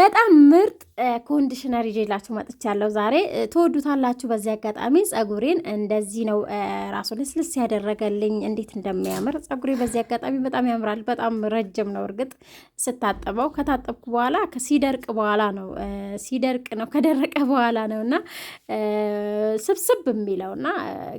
በጣም ምርጥ ኮንዲሽነር ይዤላችሁ መጥቻለሁ ዛሬ። ትወዱታላችሁ። በዚህ አጋጣሚ ጸጉሬን እንደዚህ ነው ራሱ ልስልስ ያደረገልኝ፣ እንዴት እንደሚያምር ጸጉሬ በዚህ አጋጣሚ በጣም ያምራል። በጣም ረጅም ነው። እርግጥ ስታጠበው ከታጠብኩ በኋላ ሲደርቅ በኋላ ነው ሲደርቅ ነው ከደረቀ በኋላ ነው እና ስብስብ የሚለው እና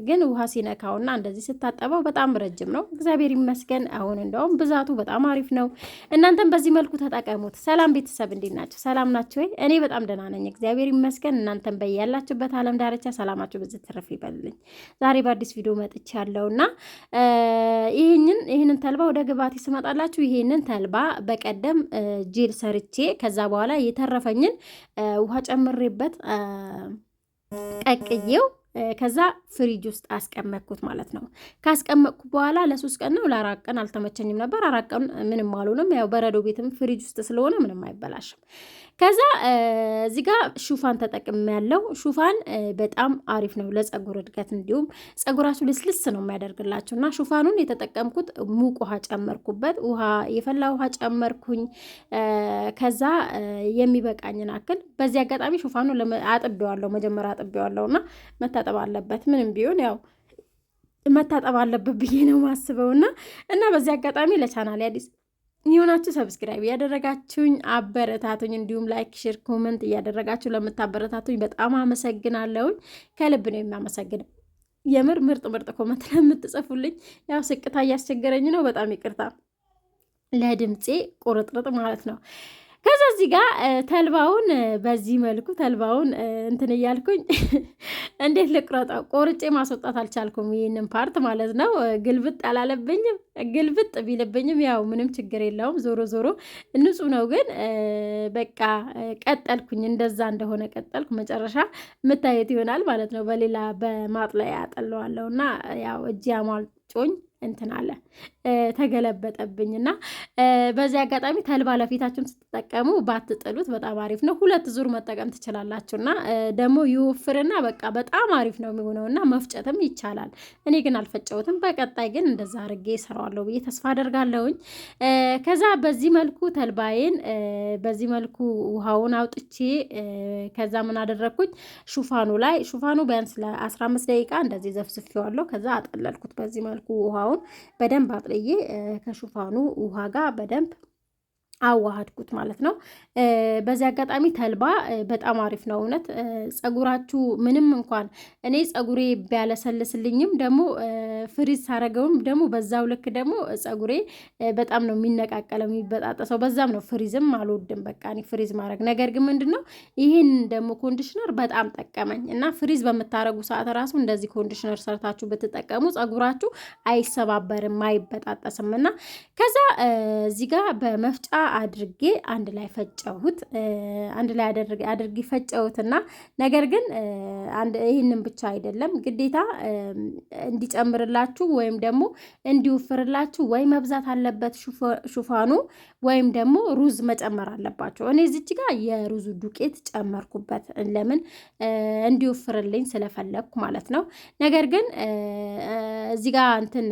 ግን ውሃ ሲነካው እና እንደዚህ ስታጠበው በጣም ረጅም ነው። እግዚአብሔር ይመስገን። አሁን እንደውም ብዛቱ በጣም አሪፍ ነው። እናንተም በዚህ መልኩ ተጠቀሙት። ሰላም ቤተሰብ እንዲናቸው ናችሁ? ሰላም ናችሁ ወይ? እኔ በጣም ደህና ነኝ፣ እግዚአብሔር ይመስገን። እናንተን በያላችሁበት ዓለም ዳርቻ ሰላማችሁ ብዙ ትርፍ ይበልልኝ። ዛሬ በአዲስ ቪዲዮ መጥቼ እና ይህንን ይህንን ተልባ ወደ ግባቴ ስመጣላችሁ ይህንን ተልባ በቀደም ጄል ሰርቼ ከዛ በኋላ የተረፈኝን ውሃ ጨምሬበት ቀቅዬው ከዛ ፍሪጅ ውስጥ አስቀመጥኩት ማለት ነው። ካስቀመጥኩ በኋላ ለሶስት ቀን ነው ለአራት ቀን አልተመቸኝም ነበር። አራት ቀን ምንም አልሆንም። ያው በረዶ ቤትም ፍሪጅ ውስጥ ስለሆነ ምንም አይበላሽም። ከዛ እዚህ ጋ ሹፋን ተጠቅም ያለው ሹፋን በጣም አሪፍ ነው ለጸጉር እድገት፣ እንዲሁም ጸጉራችሁ ልስልስ ነው የሚያደርግላችሁ እና ሹፋኑን የተጠቀምኩት ሙቅ ውሃ ጨመርኩበት። ውሃ የፈላ ውሃ ጨመርኩኝ። ከዛ የሚበቃኝን አክል በዚህ አጋጣሚ ሹፋኑ አጥቤዋለሁ፣ መጀመሪያ አጥቤዋለሁ እና መታጠብ አለበት ምንም ቢሆን ያው መታጠብ አለበት ብዬ ነው እና እና በዚህ አጋጣሚ ለቻናል አዲስ የሆናችሁ ሰብስክራይብ እያደረጋችሁኝ አበረታቱኝ። እንዲሁም ላይክ፣ ሼር፣ ኮመንት እያደረጋችሁ ለምታበረታቱኝ በጣም አመሰግናለሁኝ። ከልብ ነው የማመሰግነው። የምር ምርጥ ምርጥ ኮመንት ለምትጽፉልኝ፣ ያው ስቅታ እያስቸገረኝ ነው። በጣም ይቅርታ ለድምፄ ቁርጥርጥ ማለት ነው። ከዛ እዚህ ጋር ተልባውን በዚህ መልኩ ተልባውን እንትን እያልኩኝ እንዴት ልቁረጣ ቆርጬ ማስወጣት አልቻልኩም። ይህንን ፓርት ማለት ነው። ግልብጥ አላለብኝም። ግልብጥ ቢልብኝም ያው ምንም ችግር የለውም። ዞሮ ዞሮ ንጹህ ነው። ግን በቃ ቀጠልኩኝ፣ እንደዛ እንደሆነ ቀጠልኩ። መጨረሻ ምታየት ይሆናል ማለት ነው። በሌላ በማጥለያ አጠለዋለሁ እና ያው እጅ አሟጮኝ እንትን አለ ተገለበጠብኝና፣ በዚህ አጋጣሚ ተልባ ለፊታችሁን ስትጠቀሙ ባትጥሉት በጣም አሪፍ ነው። ሁለት ዙር መጠቀም ትችላላችሁና ደግሞ ይወፍርና በቃ በጣም አሪፍ ነው የሚሆነውና መፍጨትም ይቻላል። እኔ ግን አልፈጨሁትም። በቀጣይ ግን እንደዛ አድርጌ እሰራዋለሁ ብዬ ተስፋ አደርጋለሁኝ። ከዛ በዚህ መልኩ ተልባዬን በዚህ መልኩ ውሃውን አውጥቼ ከዛ ምን አደረግኩኝ ሹፋኑ ላይ ሹፋኑ ቢያንስ ለ15 ደቂቃ እንደዚህ ዘፍዝፌዋለሁ። ከዛ አጠለልኩት በዚህ መልኩ ውሃውን ስጋውን በደንብ አጥልዬ ከሹፋኑ ውሃ ጋር በደንብ አዋሃድኩት ማለት ነው። በዚህ አጋጣሚ ተልባ በጣም አሪፍ ነው እውነት። ጸጉራችሁ ምንም እንኳን እኔ ጸጉሬ ቢያለሰልስልኝም ደግሞ ፍሪዝ ሳረገውም ደግሞ በዛው ልክ ደግሞ ጸጉሬ በጣም ነው የሚነቃቀለው የሚበጣጠሰው። በዛም ነው ፍሪዝም አልወድም በቃ ፍሪዝ ማድረግ። ነገር ግን ምንድን ነው ይህን ደግሞ ኮንዲሽነር በጣም ጠቀመኝ እና ፍሪዝ በምታረጉ ሰዓት ራሱ እንደዚህ ኮንዲሽነር ሰርታችሁ ብትጠቀሙ ጸጉራችሁ አይሰባበርም አይበጣጠስም እና ከዛ እዚህ ጋር በመፍጫ አድርጌ አንድ ላይ ፈጨሁት። አንድ ላይ አድርጌ ፈጨሁትና ነገር ግን ይህንን ብቻ አይደለም ግዴታ እንዲጨምርላችሁ ወይም ደግሞ እንዲወፍርላችሁ ወይ መብዛት አለበት ሹፋኑ ወይም ደግሞ ሩዝ መጨመር አለባቸው። እኔ እዚች ጋር የሩዙ ዱቄት ጨመርኩበት፣ ለምን እንዲወፍርልኝ ስለፈለግኩ ማለት ነው። ነገር ግን እዚህ ጋር እንትን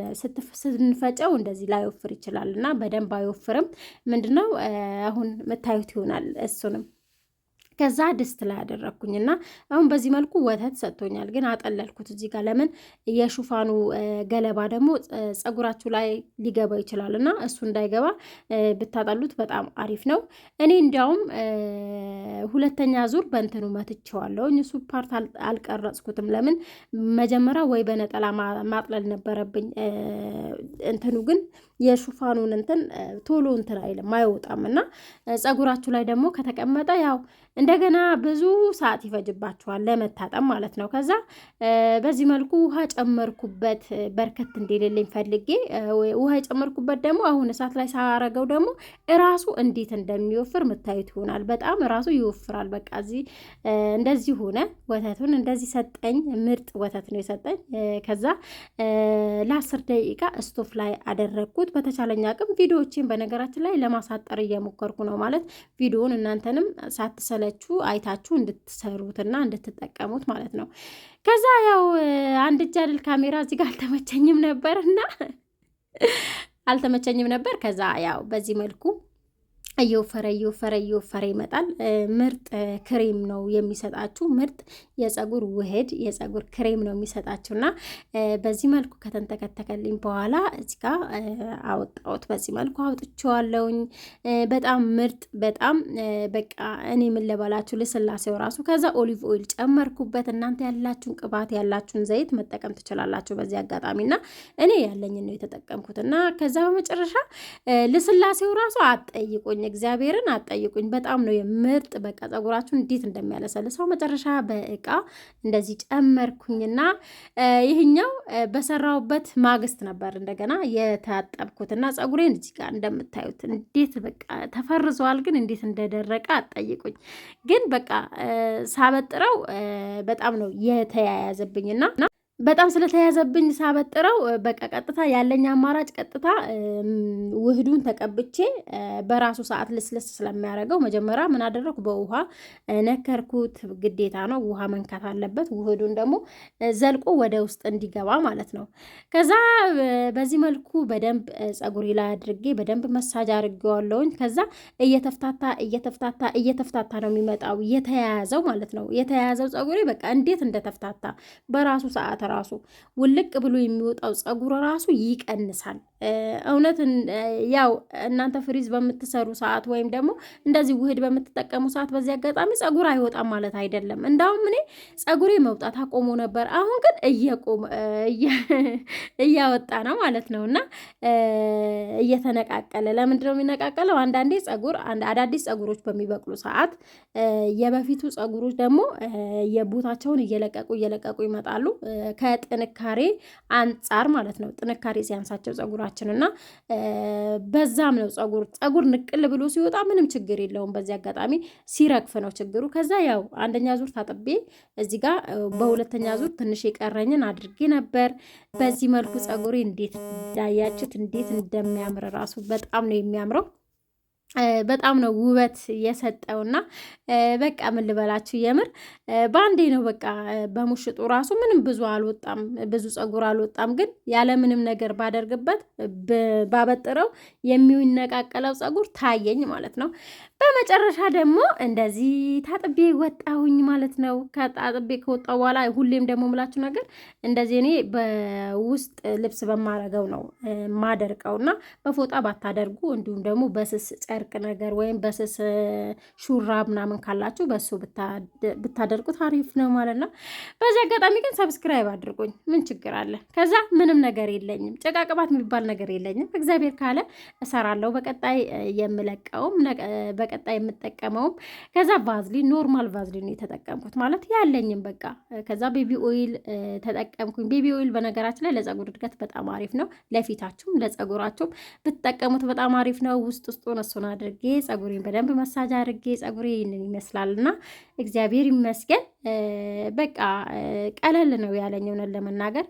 ስንፈጨው እንደዚህ ላይወፍር ይችላል እና በደንብ አይወፍርም። ምንድነው ነው። አሁን የምታዩት ይሆናል እሱንም ከዛ ድስት ላይ አደረግኩኝ እና አሁን በዚህ መልኩ ወተት ሰጥቶኛል። ግን አጠለልኩት እዚህ ጋር ለምን የሹፋኑ ገለባ ደግሞ ጸጉራችሁ ላይ ሊገባ ይችላል እና እሱ እንዳይገባ ብታጠሉት በጣም አሪፍ ነው። እኔ እንዲያውም ሁለተኛ ዙር በእንትኑ መትቼዋለሁ። እሱ ፓርት አልቀረጽኩትም። ለምን መጀመሪያ ወይ በነጠላ ማጥለል ነበረብኝ። እንትኑ ግን የሹፋኑን እንትን ቶሎ እንትን አይልም አይወጣም እና ጸጉራችሁ ላይ ደግሞ ከተቀመጠ ያው እንደገና ብዙ ሰዓት ይፈጅባቸዋል ለመታጠብ ማለት ነው። ከዛ በዚህ መልኩ ውሃ ጨመርኩበት በርከት እንዲልልኝ ፈልጌ ውሃ የጨመርኩበት ደግሞ አሁን እሳት ላይ ሳረገው ደግሞ እራሱ እንዴት እንደሚወፍር ምታዩት ይሆናል። በጣም እራሱ ይወፍራል። በቃ እዚህ እንደዚህ ሆነ። ወተቱን እንደዚህ ሰጠኝ። ምርጥ ወተት ነው የሰጠኝ። ከዛ ለአስር ደቂቃ ስቶፍ ላይ አደረግኩት። በተቻለኝ አቅም ቪዲዮዎችን በነገራችን ላይ ለማሳጠር እየሞከርኩ ነው ማለት ቪዲዮውን እናንተንም ሳትሰለ እንዳለችው አይታችሁ እንድትሰሩትና እንድትጠቀሙት ማለት ነው። ከዛ ያው አንድ እጅ አይደል ካሜራ እዚህ ጋር አልተመቸኝም ነበር እና አልተመቸኝም ነበር። ከዛ ያው በዚህ መልኩ እየወፈረ እየወፈረ እየወፈረ ይመጣል። ምርጥ ክሬም ነው የሚሰጣችሁ። ምርጥ የፀጉር ውህድ የፀጉር ክሬም ነው የሚሰጣችሁ እና በዚህ መልኩ ከተንተከተከልኝ በኋላ እዚጋ አወጣሁት። በዚህ መልኩ አውጥቼዋለሁኝ። በጣም ምርጥ በጣም በቃ እኔ ምን ልበላችሁ ልስላሴው ራሱ። ከዛ ኦሊቭ ኦይል ጨመርኩበት። እናንተ ያላችሁን ቅባት ያላችሁን ዘይት መጠቀም ትችላላችሁ በዚህ አጋጣሚ እና እኔ ያለኝን ነው የተጠቀምኩት እና ከዛ በመጨረሻ ልስላሴው ራሱ አጠይቁኝ እግዚአብሔርን አጠይቁኝ በጣም ነው የምርጥ በቃ ጸጉራችሁ እንዴት እንደሚያለሰልሰው መጨረሻ በእቃ እንደዚህ ጨመርኩኝና ይህኛው በሰራውበት ማግስት ነበር እንደገና የታጠብኩትና ጸጉሬን እዚህ ጋር እንደምታዩት እንዴት በቃ ተፈርዘዋል። ግን እንዴት እንደደረቀ አጠይቁኝ ግን በቃ ሳበጥረው በጣም ነው የተያያዘብኝና በጣም ስለተያዘብኝ ሳበጥረው በቃ ቀጥታ ያለኝ አማራጭ ቀጥታ ውህዱን ተቀብቼ በራሱ ሰዓት ልስልስ ስለሚያደርገው መጀመሪያ ምን አደረኩ? በውሃ ነከርኩት። ግዴታ ነው ውሃ መንካት አለበት። ውህዱን ደግሞ ዘልቆ ወደ ውስጥ እንዲገባ ማለት ነው። ከዛ በዚህ መልኩ በደንብ ጸጉሪ ላይ አድርጌ በደንብ መሳጅ አድርጌዋለሁኝ። ከዛ እየተፍታታ እየተፍታታ እየተፍታታ ነው የሚመጣው የተያያዘው ማለት ነው። የተያያዘው ጸጉሪ በቃ እንዴት እንደተፍታታ በራሱ ሰዓት ከራሱ ውልቅ ብሎ የሚወጣው ፀጉር ራሱ ይቀንሳል። እውነት ያው እናንተ ፍሪዝ በምትሰሩ ሰዓት ወይም ደግሞ እንደዚህ ውህድ በምትጠቀሙ ሰዓት በዚህ አጋጣሚ ጸጉር አይወጣም ማለት አይደለም። እንዳውም እኔ ጸጉሬ መውጣት አቆሞ ነበር፣ አሁን ግን እያወጣ ነው ማለት ነው እና እየተነቃቀለ። ለምንድነው ነው የሚነቃቀለው? አንዳንዴ ጸጉር አዳዲስ ጸጉሮች በሚበቅሉ ሰዓት የበፊቱ ጸጉሮች ደግሞ የቦታቸውን እየለቀቁ እየለቀቁ ይመጣሉ፣ ከጥንካሬ አንጻር ማለት ነው። ጥንካሬ ሲያንሳቸው ጸጉር ጸጉራችን እና በዛም ነው ጸጉር ጸጉር ንቅል ብሎ ሲወጣ ምንም ችግር የለውም። በዚህ አጋጣሚ ሲረግፍ ነው ችግሩ። ከዛ ያው አንደኛ ዙር ታጥቤ እዚህ ጋር በሁለተኛ ዙር ትንሽ የቀረኝን አድርጌ ነበር። በዚህ መልኩ ጸጉሬ እንዴት እንዳያችሁት እንዴት እንደሚያምር ራሱ በጣም ነው የሚያምረው። በጣም ነው ውበት የሰጠውና በቃ ምን ልበላችሁ የምር በአንዴ ነው በቃ በሙሽጡ ራሱ ምንም ብዙ አልወጣም፣ ብዙ ጸጉር አልወጣም። ግን ያለ ምንም ነገር ባደርግበት ባበጥረው የሚነቃቀለው ጸጉር ታየኝ ማለት ነው። በመጨረሻ ደግሞ እንደዚህ ታጥቤ ወጣሁኝ ማለት ነው። ከጣጥቤ ከወጣ በኋላ ሁሌም ደግሞ ምላችሁ ነገር እንደዚህ እኔ በውስጥ ልብስ በማረገው ነው ማደርቀውና በፎጣ ባታደርጉ እንዲሁም ደግሞ በስስ ጨ በጨርቅ ነገር ወይም በስስ ሹራብ ምናምን ካላችሁ በሱ ብታደርጉት አሪፍ ነው ማለት ነው። በዚህ አጋጣሚ ግን ሰብስክራይብ አድርጉኝ፣ ምን ችግር አለ? ከዛ ምንም ነገር የለኝም፣ ጭቃ ቅባት የሚባል ነገር የለኝም። እግዚአብሔር ካለ እሰራለሁ። በቀጣይ የምለቀውም በቀጣይ የምጠቀመውም ከዛ ቫዝሊን ኖርማል ቫዝሊን ነው የተጠቀምኩት ማለት ያለኝም በቃ። ከዛ ቤቢ ኦይል ተጠቀምኩኝ። ቤቢ ኦይል በነገራችን ላይ ለጸጉር እድገት በጣም አሪፍ ነው። ለፊታችሁም ለጸጉራችሁም ብትጠቀሙት በጣም አሪፍ ነው። ውስጥ ውስጡን እሱን አድርጌ ጸጉሬን በደንብ መሳጅ አድርጌ ጸጉሬ ይህንን ይመስላል እና እግዚአብሔር ይመስገን በቃ ቀለል ነው ያለኝ እውነት ለመናገር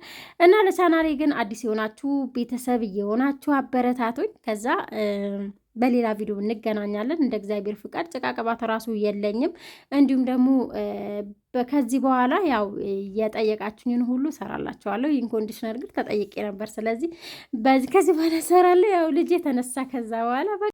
እና ለቻናሌ ግን አዲስ የሆናችሁ ቤተሰብ የሆናችሁ አበረታቱኝ ከዛ በሌላ ቪዲዮ እንገናኛለን። እንደ እግዚአብሔር ፍቃድ ጭቃ ቅባት ራሱ የለኝም። እንዲሁም ደግሞ ከዚህ በኋላ ያው የጠየቃችሁኝን ሁሉ ሰራላችኋለሁ። ይህን ኮንዲሽነር ግን ተጠይቄ ነበር። ስለዚህ ከዚህ በኋላ ሰራለሁ። ያው ልጅ የተነሳ ከዛ በኋላ